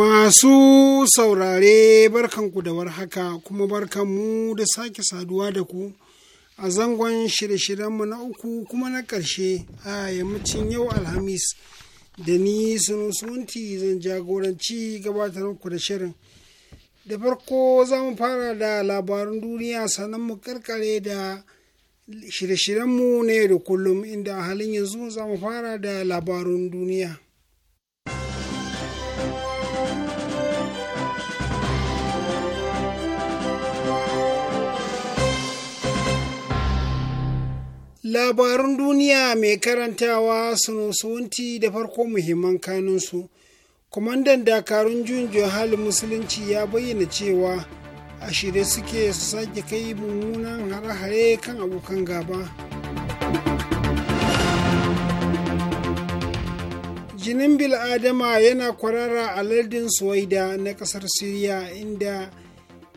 Masu saurare barkanku da warhaka kuma barkanmu da sake saduwa da ku a zangon shirye-shiryenmu na uku kuma na ƙarshe a yammacin yau Alhamis da ni sunti zan jagoranci gabatar ku da shirin. Da farko za mu fara da labarun duniya sannan mu karkare da shirye-shiryenmu na yau da kullum inda a halin yanzu za mu fara da labarun duniya. labarun duniya mai karantawa sunusunti da farko muhimman kanunsu kwamandan dakarun juyin hali musulunci ya bayyana cewa a shirye suke su sake kai mummunan hare-hare kan abokan gaba jinin bil'adama yana kwarara a lardin suwaida na kasar siriya inda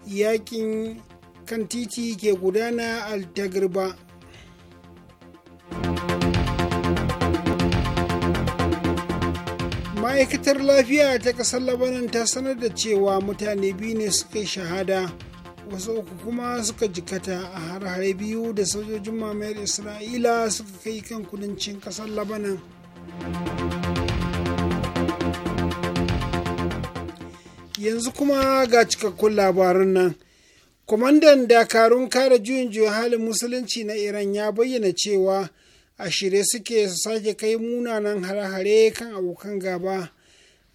yakin kan titi ke gudana al ma'aikatar lafiya ta ƙasar labanan ta sanar da cewa mutane biyu ne suka yi shahada wasu uku kuma suka jikata a har biyu da sojojin mamayar isra'ila suka kai kan kudancin ƙasar labanan yanzu kuma ga cikakkun labarun nan kwamandan dakarun kare juyin juya halin musulunci na iran ya bayyana cewa a shirye suke su sake kai munanan hare-hare kan abokan gaba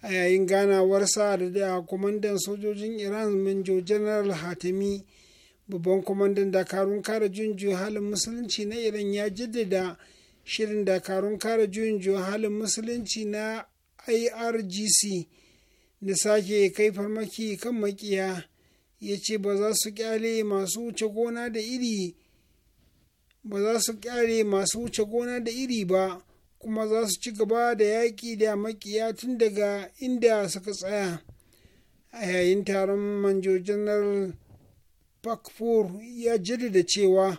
a yayin ganawarsa da kwamandan sojojin iran manjo general hatami babban kwamandan dakarun kare juyin halin musulunci na iran ya jaddada shirin dakarun kare juyin halin musulunci na irgc da sake kai farmaki kan makiya ya ce ba za su kyale masu wuce gona da iri ba za su kyare masu wuce gona da iri ba kuma za su ci gaba da yaƙi da makiya tun daga inda suka tsaya a yayin taron manjojinar pakfur ya jaddada cewa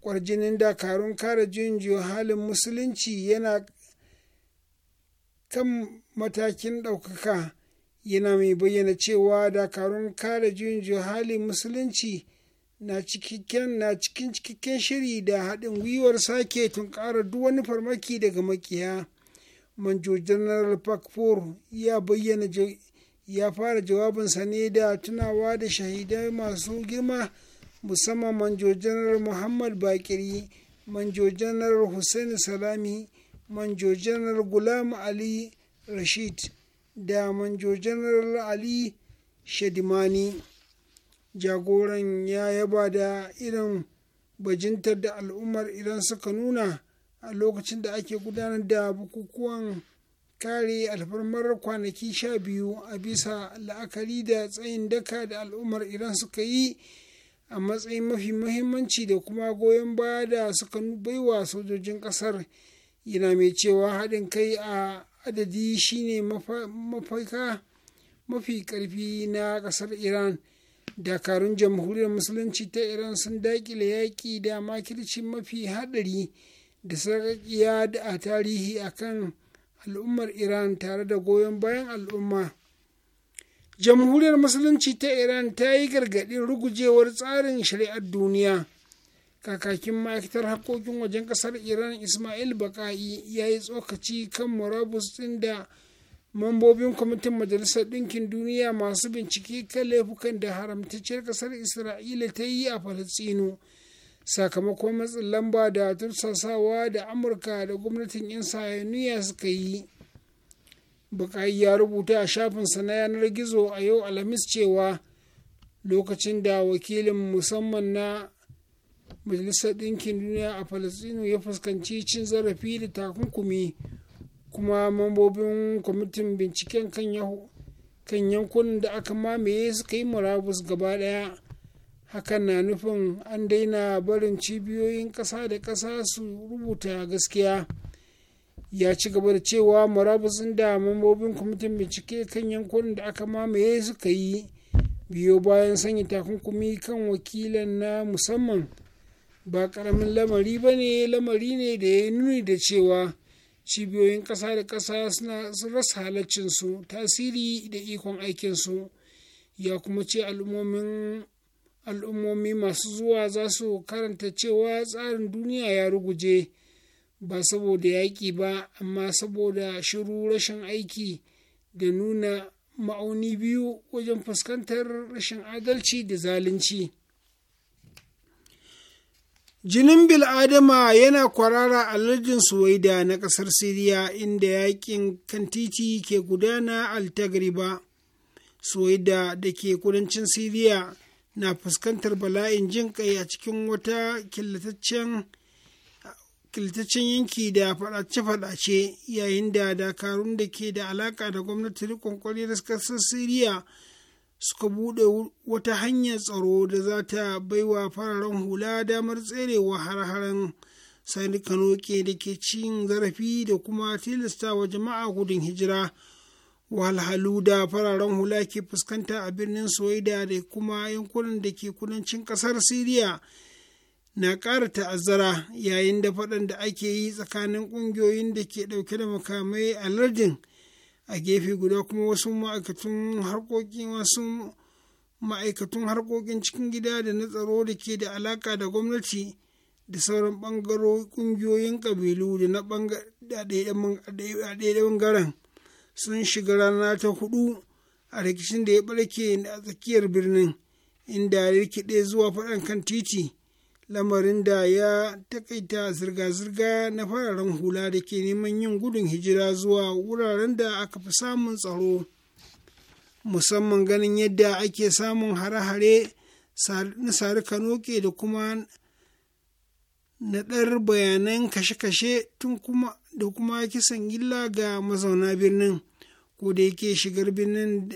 kwarjinin dakarun kare juyin halin musulunci yana kan matakin ɗaukaka yana mai bayyana cewa dakarun kare juyin halin musulunci na cikin cikakken shiri da haɗin gwiwar sake tunkarar duk wani farmaki daga makiya manjo general pakpor ya bayyana ya fara jawabinsa ne da tunawa da shahidai masu girma musamman manjo general muhammad bakiri manjo general hussein salami manjo general gulam ali rashid da manjo general ali shadimani jagoran ya yaba da irin bajintar da al'ummar iran suka nuna a lokacin da ake gudanar da bukukuwan kare alfarmar kwanaki sha biyu a bisa la'akari da tsayin daka da al'ummar iran suka yi a matsayin mafi muhimmanci da kuma goyon baya da suka baiwa sojojin kasar yana mai cewa haɗin kai a adadi shine mafi ƙarfi na ƙasar iran dakarun jamhuriyar musulunci ta iran sun dakile yaƙi da makirci mafi haɗari da sarƙaƙiya a tarihi a kan al'ummar iran tare da goyon bayan al'umma jamhuriyar musulunci ta iran ta yi gargaɗin rugujewar tsarin shari'ar duniya kakakin ma'aikatar harkokin wajen ƙasar iran ismail baka'i ya yi tsokaci kan murabus ɗin da Mambobin kwamitin Majalisar Ɗinkin Duniya masu bincike kan laifukan da haramtacciyar ƙasar Isra'ila ta yi a Falasino sakamakon matsin lamba da tursasawa da Amurka da gwamnatin 'yan sayaniya suka yi. Bukai ya rubuta a shafinsa na yanar gizo a yau Alhamis cewa lokacin da wakilin musamman na Majalisar Ɗinkin Duniya a Falasino ya fuskanci cin zarafi da takunkumi. kuma mambobin kwamitin binciken kan yankunan da aka mamaye suka yi murabus gaba daya hakan na nufin an daina barin cibiyoyin kasa da kasa su rubuta gaskiya ya ci gaba da cewa murabus da mambobin kwamitin bincike kan yankunan da aka mamaye suka yi biyo bayan sanya takunkumi kan wakilan na musamman ba karamin lamari ba ne lamari ne da ya nuni da cewa cibiyoyin ƙasa da ƙasa suna rasa halaccinsu tasiri da ikon aikinsu ya kuma ce al'ummomi masu zuwa za su karanta cewa tsarin duniya ya ruguje ba saboda yaƙi ba amma saboda shiru rashin aiki da nuna ma'auni biyu wajen fuskantar rashin adalci da zalunci. Jinin Bil'adama yana kwarara a lardin Suwaida na ƙasar Siriya inda yakin kan titi ke gudana altagriba. Suwaida da ke kudancin Siriya na fuskantar bala'in jin kai a cikin wata killataccen yanki da faɗace-faɗace yayin da dakarun da ke da alaƙa da gwamnati riƙon ƙwarewar ƙasar Siriya suka buɗe wata hanyar tsaro da za ta baiwa fararen hula damar tserewa har-haren kanoke da ke cin zarafi da kuma tilasta wa jama'a gudun hijira walhalu da fararen hula ke fuskanta a birnin soyida da kuma yankunan da ke kudancin kasar siriya na ƙara ta'azzara yayin da faɗan da ake yi tsakanin ƙungiyoyin da ke ɗauke da makamai a lardin a gefe guda kuma wasu ma'aikatun harkokin wasu ma'aikatun harkokin cikin gida da na tsaro da ke da alaka da gwamnati da sauran bangaro ƙungiyoyin ƙabilu da na ɗaya sun shiga rana ta hudu a rikicin da ya barke a tsakiyar birnin inda ya rikide zuwa faɗan kan titi lamarin da ya takaita zirga-zirga na fararen hula da ke neman yin gudun hijira zuwa wuraren da aka fi samun tsaro musamman ganin yadda ake samun hare-hare na sari kanoke da kuma naɗar bayanan kashe-kashe tun kuma da kuma kisan gilla ga mazauna birnin ko da yake shigar birnin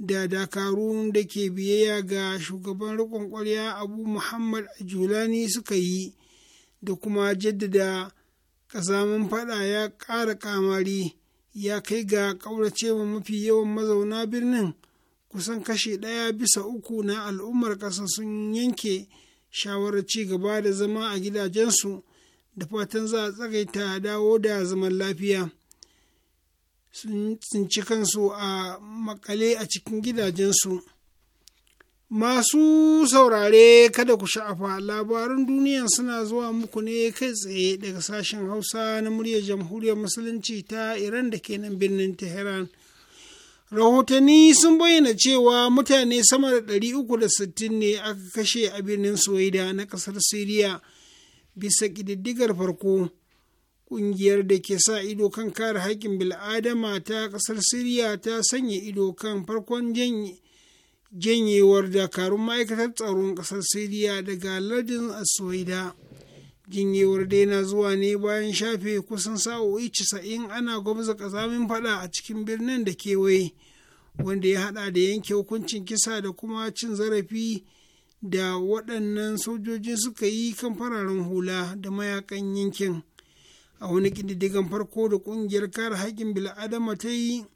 da dakarun da ke biyayya ga shugaban riƙon ƙwarya abu muhammad julani suka yi da kuma jaddada ƙazamin faɗa ya ƙara kamari ya kai ga ƙauracewa mafi yawan mazauna birnin kusan kashe ɗaya bisa uku na al'ummar ƙasa sun yanke shawarar ci gaba da zama a gidajensu da fatan za a tsagaita dawo da zaman lafiya. sun tsinci kansu a makale a cikin gidajensu. Masu saurare kada ku sha'afa labaran duniya suna zuwa muku ne kai tsaye daga sashen Hausa na muryar Jamhuriyar Musulunci ta Iran da ke nan birnin Tehran. Rahotanni sun bayyana cewa mutane sama da 360 ne aka kashe a birnin Soyida na ƙasar Siriya bisa ƙididdigar farko. Ƙungiyar da ke sa ido kan kare haƙƙin bil'adama ta ƙasar Siriya ta sanya ido kan farkon janyewar dakarun ma'aikatar tsaron ƙasar Siriya daga lardin Aswaida. Janyewar dai na zuwa ne bayan shafe kusan sa'o'i casa'in ana gwamza ƙazamin faɗa a cikin birnin da kewaye, wanda ya haɗa da yanke hukuncin kisa da kuma cin zarafi da waɗannan sojoji suka yi kan fararen hula da mayakan yankin. a wani ƙididdigan farko da ƙungiyar kare haƙƙin bil'adama ta yi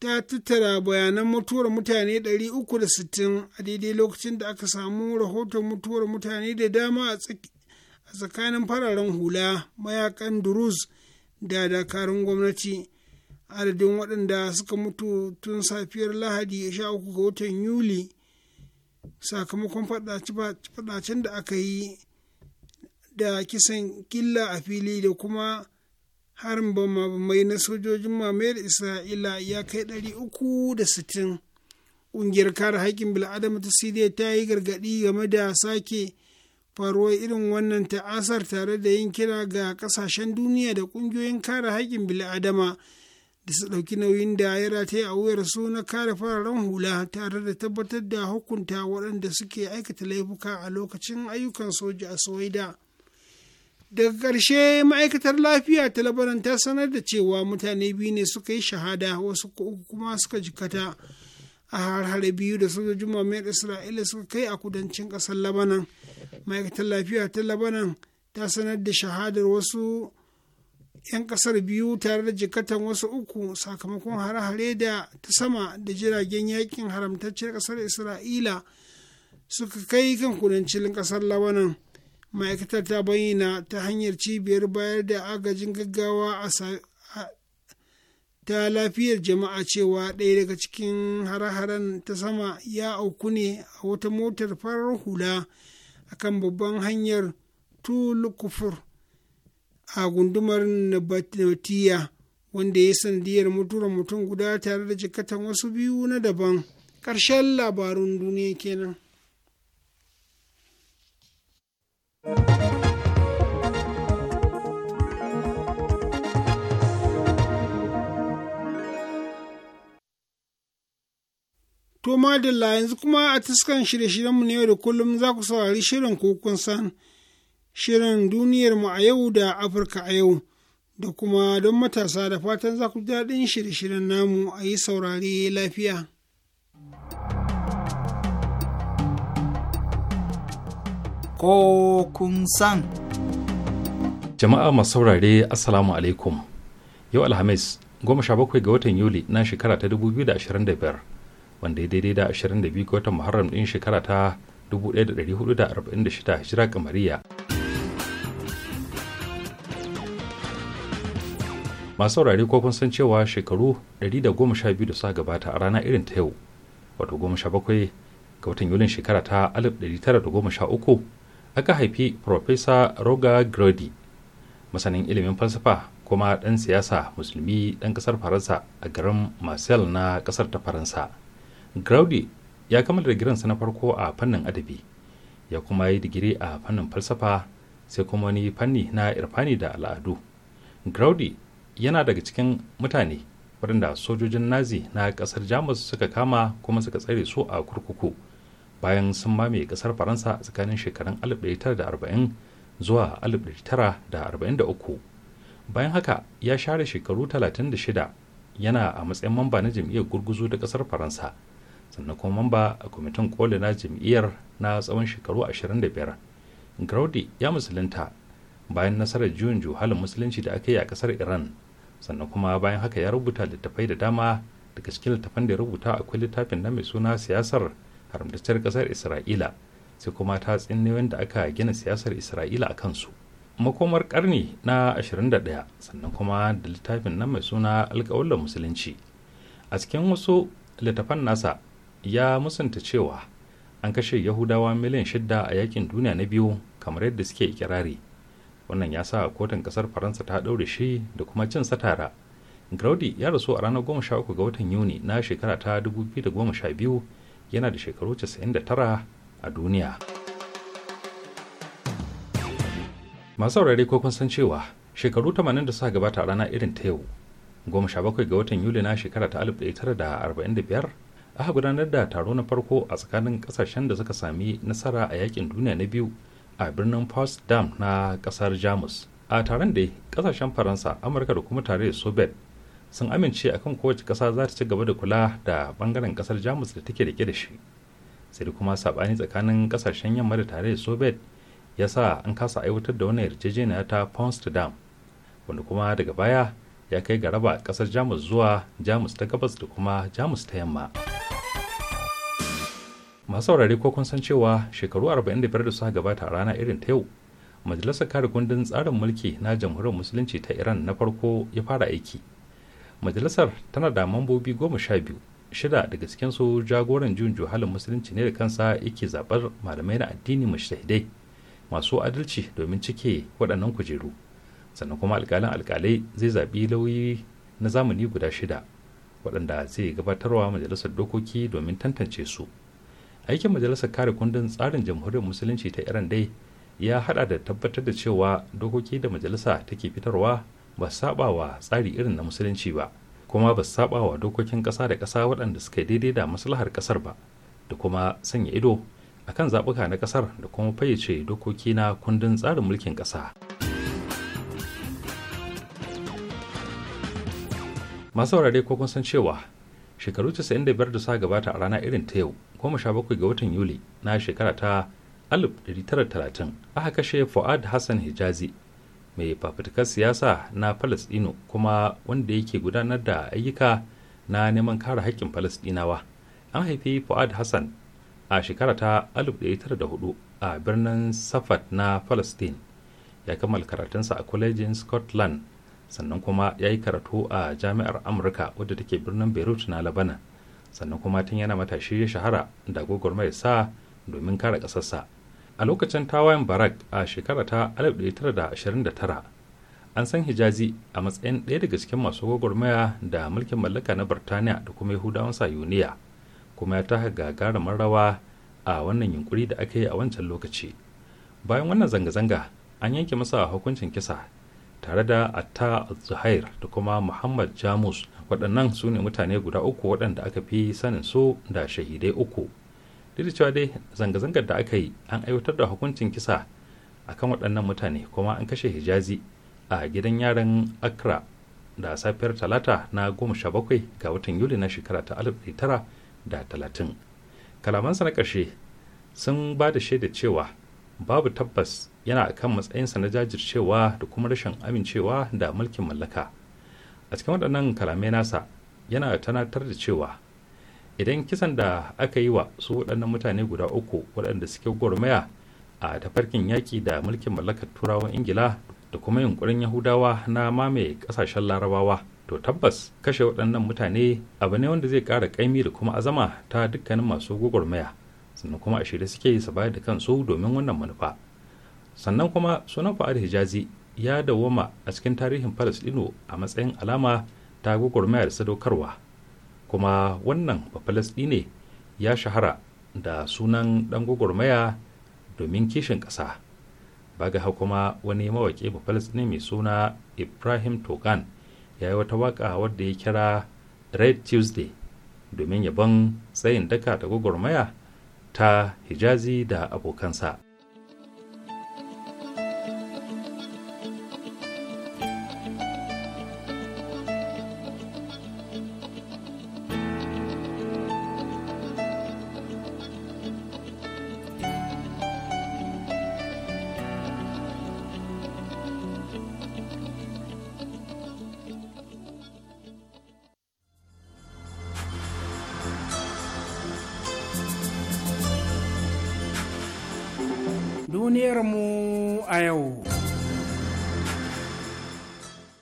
ta tattara bayanan mutuwar mutane 360 a daidai lokacin da aka samu rahoton mutuwar mutane da dama a tsakanin fararen hula mayakan durus da dakarun gwamnati adadin waɗanda suka mutu tun safiyar lahadi sha uku ga watan yuli sakamakon faɗacen da aka yi da kisan killa a fili da kuma harin mai na sojojin mamayar isra'ila ya kai ɗari uku da sittin ƙungiyar kare haƙƙin bil'adama ta siriya ta yi gargaɗi game da sake faruwar irin wannan ta'asar tare da yin kira ga ƙasashen duniya da ƙungiyoyin kare haƙƙin bil'adama da su ɗauki nauyin da ya rataye a wuyar su na kare fararen hula tare da tabbatar da hukunta waɗanda suke aikata laifuka a lokacin ayyukan soja a soida. daga ƙarshe ma'aikatar lafiya ta labaran ta sanar da cewa mutane biyu ne suka yi shahada wasu kuma suka jikata a harhare biyu da sojojin mamayar isra'ila suka kai a kudancin ƙasar labanan ma'aikatar lafiya ta labanan ta sanar da shahadar wasu 'yan ƙasar biyu tare da jikatan wasu uku sakamakon harhare da ta sama da jiragen yakin haramtacciyar ƙasar isra'ila suka kai kan kudancin ƙasar labanan ma'aikatar ta bayyana ta hanyar cibiyar bayar da agajin gaggawa a ta lafiyar jama'a cewa ɗaya daga cikin hare-haren ta sama ya auku ne a wata motar farar hula a kan babban hanyar tulukufur a gundumar nabatiya wanda ya sandiyar mutuwar mutum guda tare da jikatan wasu biyu na daban karshen labarun duniya kenan. To madalla yanzu kuma a tuskan shirye-shiryenmu na yau da kullum za ku saurari shirin kokon san shirin duniyarmu a yau da Afirka a yau da kuma don matasa da fatan za ku daɗin shirye-shiryen namu a yi saurari lafiya. ko kun san. Jama'a masu saurare Assalamu alaikum. Yau Alhamis, goma sha bakwai ga watan Yuli na shekara ta 2025, wanda ya daidai da 22 ga watan Muharram ɗin shekara ta 1446 Hijira kamariya. Masu saurare ko kun san cewa shekaru 112 da suka gabata a rana irin ta yau, wato goma sha bakwai ga watan Yulin shekara ta 1913 aka haifi Profesa Roger Grody, masanin ilimin falsafa kuma ɗan siyasa musulmi ɗan ƙasar Faransa a garin Marseille na ƙasar ta Faransa. Grody ya kammala digirinsa na farko a fannin adabi, ya kuma yi digiri a fannin falsafa sai kuma wani fanni na irfani da al'adu. Grody yana daga cikin mutane waɗanda sojojin Nazi na ƙasar Jamus suka kama kuma suka tsare su a kurkuku. bayan sun mamaye kasar faransa tsakanin shekarun 1940 zuwa 1943 bayan haka ya share shekaru 36 yana a matsayin mamba na jam'iyyar gurguzu da kasar faransa sannan kuma mamba a kwamitin koli na jam'iyyar na tsawon shekaru 25 graudi ya musulunta bayan nasarar juyin juhalin musulunci da aka yi a kasar iran sannan kuma bayan haka ya rubuta littattafai da dama daga cikin littattafan da ya rubuta akwai littafin na mai suna siyasar haramtacciyar kasar isra'ila sai kuma ta tsinniyoyin da aka gina siyasar isra'ila a kansu makomar karni na 21 sannan kuma da littafin nan mai suna alkawalin musulunci a cikin wasu littafan nasa ya musanta cewa an kashe yahudawa miliyan shidda a yakin duniya na biyu kamar yadda suke kirari wannan ya sa kotun kasar faransa ta ɗaure shi da kuma cin satara graudi ya rasu a ranar 13 ga watan yuni na shekara ta 2012 yana da shekaru 99 a duniya masu saurare ko kun san cewa shekaru 80 da suka gabata rana irin ta yau goma bakwai ga watan yuli na shekara ta 1945 aka gudanar da taro na farko a tsakanin kasashen da suka sami nasara a yakin duniya na biyu a birnin potsdam na kasar jamus a taron da kasashen faransa amurka da kuma tare da soviet sun amince akan kowace kasa za ta ci gaba da kula da bangaren ƙasar jamus da take rike da shi sai kuma sabani tsakanin kasashen yamma da tare da soviet ya sa an kasa aiwatar da wani yarjejeniya ta potsdam wanda kuma daga baya ya kai ga raba ƙasar jamus zuwa jamus ta gabas da kuma jamus ta yamma masu saurari ko kun san cewa shekaru 45 da suka gabata a rana irin ta yau majalisar kare kundin tsarin mulki na jamhuriyar musulunci ta iran na farko ya fara aiki majalisar tana da mambobi goma sha biyu shida daga su jagoran jin juhalin musulunci ne da kansa yake zaɓar malamai na addini mushtahidai masu adalci domin cike waɗannan kujeru sannan kuma alƙalin alƙalai zai zaɓi lauyi na zamani guda shida waɗanda zai gabatarwa majalisar dokoki domin tantance su aikin majalisar kare kundin tsarin jamhuriyar musulunci ta iran dai ya haɗa da tabbatar da cewa dokoki da majalisa take fitarwa ba saba wa tsari irin na musulunci ba kuma ba saba wa dokokin ƙasa da ƙasa waɗanda suka daidai da maslahar ƙasar ba da kuma sanya ido a kan zaɓuka na ƙasar da kuma fayyace dokoki na kundin tsarin mulkin ƙasa. masu saurare ko kun san cewa shekaru 95 da suka gabata a rana irin ta yau goma sha bakwai ga watan yuli na shekara ta 1930 aka kashe fuad hassan hijazi mai fafutukar siyasa na falasɗinu kuma wanda yake gudanar da ayyuka na neman kare haƙƙin falasɗinawa an haifi fuad hassan a shekara ta 1904 a birnin safat na palestine ya kammala karatunsa a kwalejin scotland sannan kuma ya yi karatu a jami'ar amurka wadda take birnin beirut na labanan sannan kuma tun yana matashi shahara da gwagwarmayar sa domin kare ƙasarsa a lokacin tawayen barak a shekara ta 1929 an san hijazi a matsayin ɗaya daga cikin masu gwagwarmaya da mulkin mallaka na birtaniya da kuma yahudawan sayuniya kuma ya taka gagarumin rawa a wannan yunkuri da aka yi a wancan lokaci bayan wannan zanga-zanga an yanke masa hukuncin kisa tare da atta zuhair da kuma muhammad jamus waɗannan su ne mutane guda uku waɗanda aka fi sanin su da shahidai uku duk da cewa dai zanga-zangar da aka yi an aiwatar da hukuncin kisa akan waɗannan mutane kuma an kashe hijazi a gidan yaran accra da safiyar talata na goma sha bakwai ga watan yuli na shekara ta alif tara da talatin kalamansa na ƙarshe sun ba da shaida cewa babu tabbas yana kan matsayinsa na jajircewa da kuma rashin amincewa da mulkin mallaka a cikin waɗannan kalamai nasa yana tanatar da cewa idan kisan da aka yi wa su waɗannan mutane guda uku waɗanda suke gwarmaya a tafarkin yaƙi da mulkin mallakar turawan ingila da kuma yunkurin yahudawa na mamaye ƙasashen larabawa to tabbas kashe waɗannan mutane abu ne wanda zai ƙara ƙaimi da kuma azama ta dukkanin masu gwagwarmaya sannan kuma a shirye suke yi su bayar da kansu domin wannan manufa sannan kuma sunan fa'ad hijazi ya dawwama a cikin tarihin falasɗinu a matsayin alama ta gwagwarmaya da sadaukarwa kuma wannan ne ya shahara da sunan ɗan gwagwarmaya domin kishin ƙasa baga kuma wani mawaƙi ne mai suna ibrahim togan ya yi wata waƙa wadda ya kira red tuesday domin yabon tsayin daka da gwagwarmaya ta hijazi da abokansa duniyarmu a yau.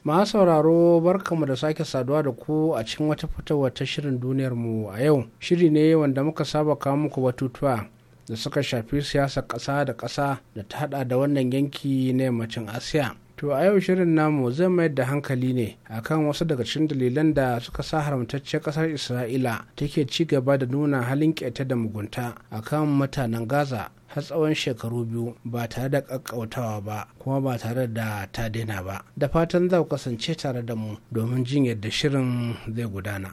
Ma sauraro barkamu da sake saduwa da ku a cikin wata fitowar ta shirin mu a yau. Shiri ne wanda muka saba kawo muku batutuwa da suka shafi siyasar ƙasa da ƙasa da ta haɗa da wannan yanki na yammacin Asiya. To a yau shirin namu zai mayar da hankali ne akan wasu daga cikin dalilan da suka sa haramtacciyar ƙasar Isra'ila take ci gaba da nuna halin ƙeta da mugunta akan mutanen Gaza. har tsawon shekaru biyu ba tare da kakkautawa ba kuma ba tare da ta daina ba da fatan za ku kasance tare da mu domin jin yadda shirin zai gudana.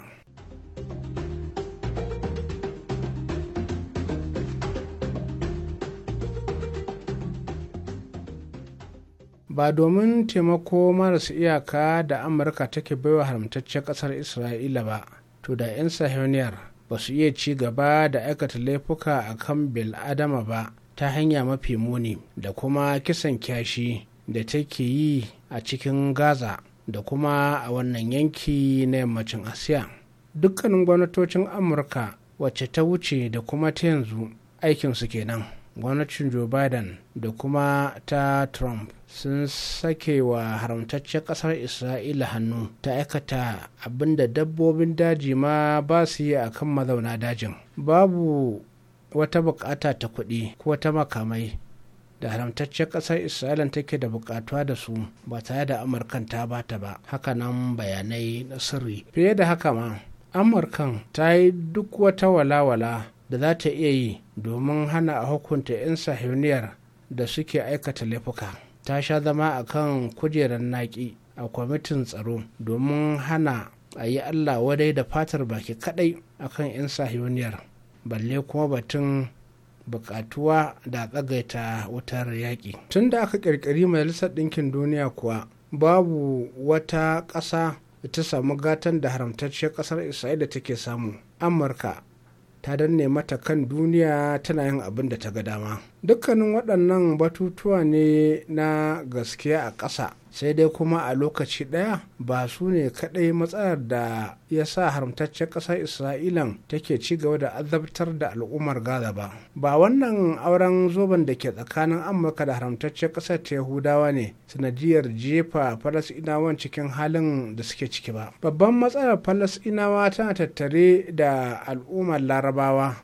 ba domin taimako marasa iyaka da amurka take baiwa haramtaccen kasar isra'ila ba to da 'yan sahiyoniyar ba su iya ci gaba da aikata laifuka a kan bil'adama ba ta hanya mafi muni da kuma kisan kyashi da take yi a cikin gaza da kuma a wannan yanki na yammacin asiya dukkanin gwamnatocin amurka wacce ta wuce da kuma ta yanzu aikinsu kenan. gwamnatin joe biden da kuma ta trump sun sake wa haramtaccen kasar isra'ila hannu ta aikata abinda dabbobin daji ma ba su yi akan mazauna dajin babu wata bukata ta kuɗi ko ta makamai da haramtaccen ƙasar isra'ila take da bukatuwa da su ba tare da amurkan ta bata ba hakanan bayanai na sirri fiye da haka ma amurkan ta yi duk wata walawala da za ta iya yi domin hana a hukunta 'yan sahiyoniyar da suke aikata laifuka ta sha zama a kan kujerar naƙi a kwamitin tsaro domin hana a yi allah wadai da fatar baki kadai a kan 'yan sahiyoniyar balle kuma batun bukatuwa da tsagaita wutar yaƙi tun da aka ƙirƙiri majalisar ɗinkin duniya kuwa babu wata ƙasa ta samu gatan da haramtacciyar ƙasar isra'ila take samu amurka ta danne mata kan duniya tana yin abin da ta ga dama dukkanin waɗannan batutuwa ne na gaskiya a ƙasa sai dai kuma a lokaci ɗaya ba su ne kaɗai matsalar da ya sa haramtaccen ƙasar isra'ilan take ci gaba da azabtar da al'ummar gaza ba ba wannan auren zoben da ke tsakanin amurka da haramtaccen ƙasar ta yahudawa ne sanadiyar jefa falasɗinawan cikin halin da suke ciki ba babban matsalar falasɗinawa tana tattare da al'ummar larabawa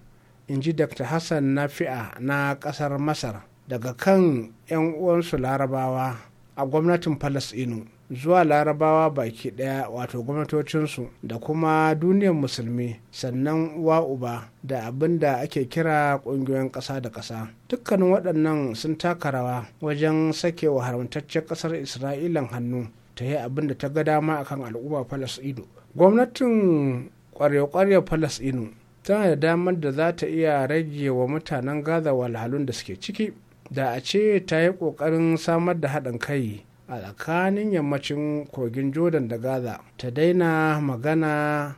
in ji dr hassan nafi'a na ƙasar masar daga kan 'yan uwansu larabawa a gwamnatin falasɗinu zuwa larabawa baki ɗaya wato gwamnatocinsu da kuma duniyar musulmi sannan uwa uba da abin da ake kira ƙungiyoyin ƙasa da ƙasa dukkanin waɗannan sun taka rawa wajen sake wa haramtaccen ƙasar isra'ilan hannu ta yi abin da ta ga dama a kan al'umma falasɗinu gwamnatin ƙwarya-ƙwarya falasɗinu tana da damar da za ta iya rage wa mutanen gaza walhalun da suke ciki da a ce ta yi ƙoƙarin samar da haɗin kai a tsakanin yammacin kogin jordan da gaza ta daina magana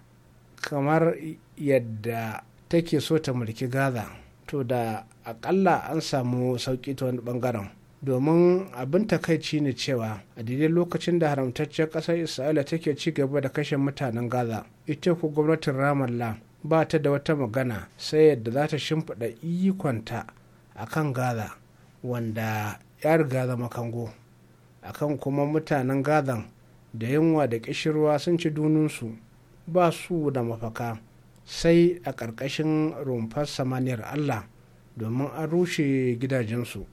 kamar yadda take so ta mulki gaza to da aƙalla an samu sauƙi ta wani ɓangaren domin abin takaici ne cewa a daidai lokacin da haramtacciyar ƙasar isra'ila take ci gaba da kashe mutanen gaza ita ku gwamnatin ramallah ba ta da wata magana sai yadda za ta shimfiɗa ikonta a kan gaza wanda ya riga zama kango akan kuma mutanen gazan da yunwa da kishirwa sun ci dununsu ba su da mafaka sai a ƙarƙashin rumfar samaniyar allah domin an rushe gidajensu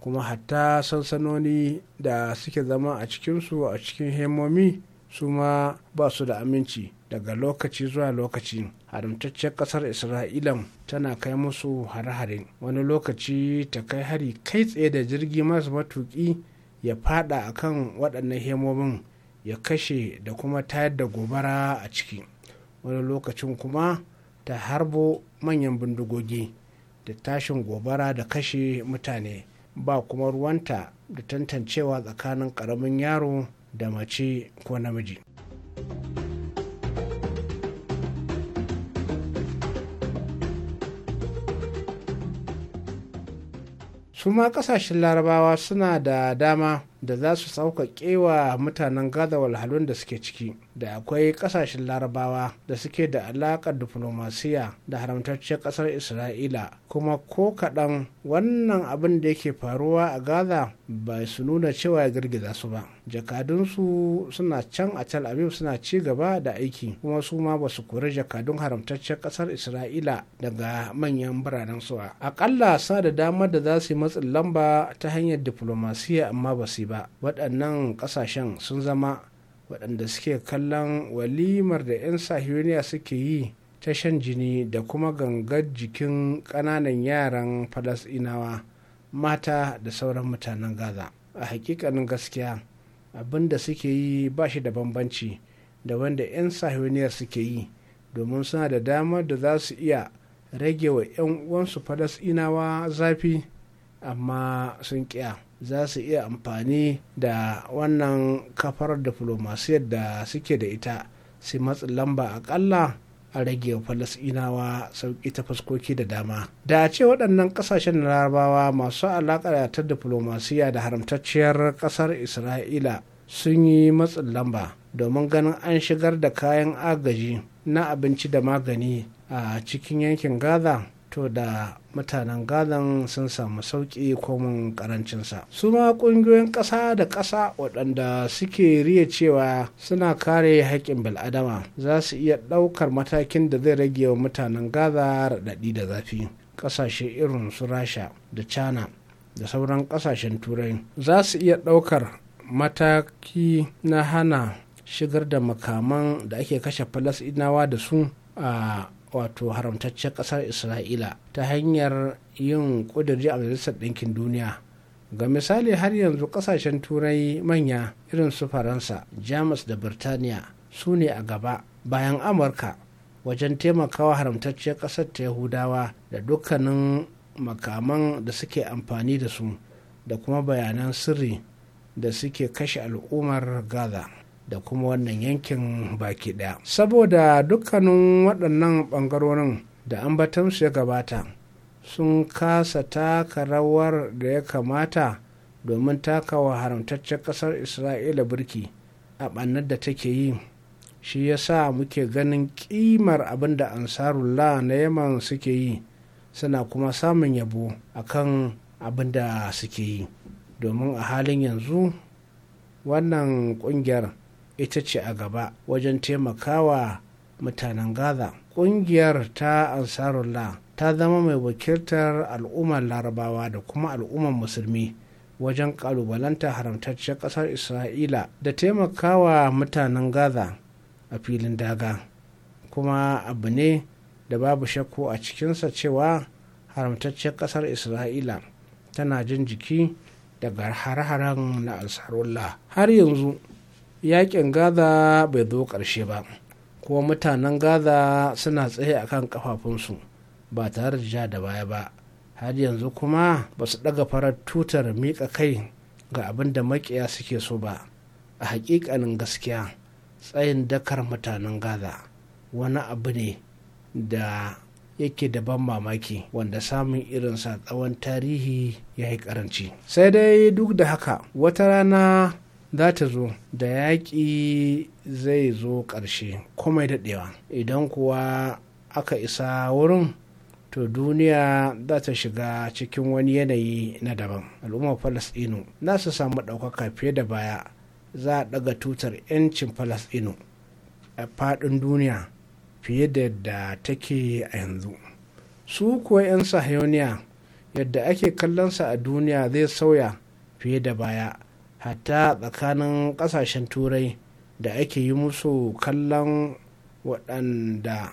kuma hatta sansanoni da suke zama a cikinsu a cikin hemomi su ma ba su da aminci daga lokaci zuwa lokaci haramtacciyar kasar isra'ila tana kai musu hare-hare wani lokaci ta kai hari kai tsaye da jirgi masu matuki ya fada akan waɗannan hemomin ya kashe da kuma tayar da gobara a ciki wani lokacin kuma ta harbo manyan bindigogi da tashin gobara da kashe mutane ba kuma ruwanta da tantancewa tsakanin ƙaramin yaro da mace ko namiji. su ma kasashen larabawa suna da dama da za su sauƙaƙe wa mutanen gaza walhalun da suke ciki da akwai ƙasashen larabawa da suke da alaƙar diflomasiya da haramtacciyar ƙasar isra'ila kuma ko kaɗan wannan abin da yake faruwa a gaza ba su nuna cewa ya girgiza su ba jakadunsu suna can a tel aviv suna ci gaba da aiki kuma su ma ba su kori jakadun haramtacciyar ƙasar isra'ila daga manyan biranen su aƙalla sa da damar da za su yi matsin lamba ta hanyar diflomasiya amma ba su ba waɗannan ƙasashen sun zama waɗanda suke kallon walimar da 'yan sahiyoniya suke yi ta shan jini da kuma gangar jikin ƙananan yaran falasinawa mata da sauran mutanen gaza a hakikanin gaskiya abin da suke yi ba shi da bambanci da wanda 'yan sahiyoniyar suke yi domin suna da damar da za su iya rage wa 'yan uwansu falasinawa zafi amma sun ƙiya. za su iya amfani da wannan kafar diflomasiyar da suke da ita sai matsin lamba akalla a rage falasinawa sauƙi ta fuskoki da dama da a ce waɗannan ƙasashen larabawa masu alaƙa ta diflomasiya da haramtacciyar ƙasar isra'ila sun yi matsin lamba domin ganin an shigar da kayan agaji na abinci da magani a cikin yankin gaza to da mutanen gazan sun samu sauƙi komin karancinsa su ma ƙungiyoyin ƙasa da ƙasa waɗanda suke riya cewa suna kare haƙƙin bil'adama za su iya ɗaukar matakin da zai rage wa mutanen gaza raɗaɗi da zafi ƙasashe irin su rasha da china da sauran ƙasashen turai za su iya ɗaukar mataki na hana shigar da makaman da ake kashe falasɗinawa da su a wato haramtaccen ƙasar isra'ila ta hanyar yin ƙudurji a majalisar ɗinkin duniya ga misali har yanzu ƙasashen turai manya irin su faransa jamus da birtaniya su ne a gaba bayan amurka wajen taimakawa haramtacciyar ƙasar ta yahudawa da dukkanin makaman da suke amfani da su da kuma bayanan sirri da suke kashe al'ummar gaza da kuma wannan yankin baki daya saboda dukkanin waɗannan ɓangarorin da ambatansu ya gabata sun kasa taka rawar da ya kamata domin taka wa haramtaccen ƙasar isra'ila birki a ɓannar da take yi shi ya sa muke ganin ƙimar abin da ansarullah na yaman suke yi suna kuma samun yabo a kan abin da suke yi domin a halin yanzu wannan ƙungiyar ita ce a gaba wajen taimakawa mutanen gaza ƙungiyar ta ansarullah ta zama mai wakiltar al'ummar larabawa da kuma al'ummar musulmi wajen ƙalubalanta haramtacciyar ƙasar isra'ila da taimakawa mutanen gaza a filin daga kuma abu ne da babu shakku a cikinsa cewa haramtacciyar ƙasar isra'ila tana jin jiki daga har-haren na ansarullah har yanzu yakin gaza bai zo ƙarshe ba kuma mutanen gaza suna tsaye a kan kafafunsu ba tare da ja da baya ba har yanzu kuma ba su ɗaga farar tutar miƙa kai ga abin da makiya suke so ba a hakikanin gaskiya tsayin dakar mutanen gaza wani abu ne da yake da ban mamaki wanda samun irinsa tsawon tarihi ya yi karanci sai dai duk da haka wata rana za ta zo da yaƙi zai zo ƙarshe komai daɗewa idan kuwa aka isa wurin to duniya za ta shiga cikin wani yanayi na daban al'ummar falasɗinu na su samu ɗaukaka fiye da baya za a ɗaga tutar 'yancin falasɗinu a faɗin duniya fiye da yadda take a yanzu su kuwa 'yan sahayoniya yadda ake kallonsa a duniya zai sauya fiye da baya hatta tsakanin ƙasashen turai da ake yi musu kallon waɗanda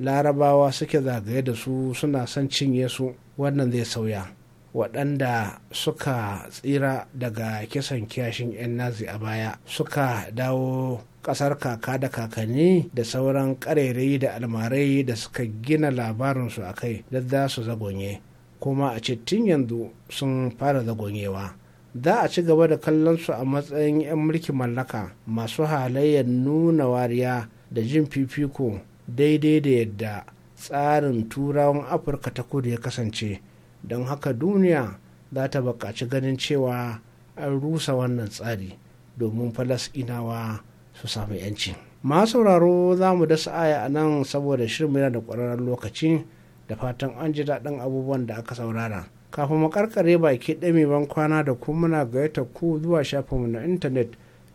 larabawa suke zagaye da su suna son cinye su wannan zai sauya waɗanda suka tsira daga kisan kiyashin 'yan nazi a baya suka dawo ƙasar kaka da kakanni da sauran ƙarerai da almarai da suka gina labarinsu a kai da za su zagonye kuma a cittin yanzu sun fara zagonyewa za a ci gaba da kallon su a matsayin 'yan mulkin mallaka masu halayyar nuna wariya da jin fifiko daidai da yadda tsarin turawan afirka ta kudu ya kasance don haka duniya za ta buƙaci ganin cewa an rusa wannan tsari domin falasɗinawa su samu 'yanci ma sauraro za mu da sa'aya a nan saboda shirin yana da ƙwararren lokaci da fatan an ji daɗin abubuwan da aka saurara kafin mu karkare baki ɗami ban kwana da kuma muna gayyata ku zuwa shafinmu na intanet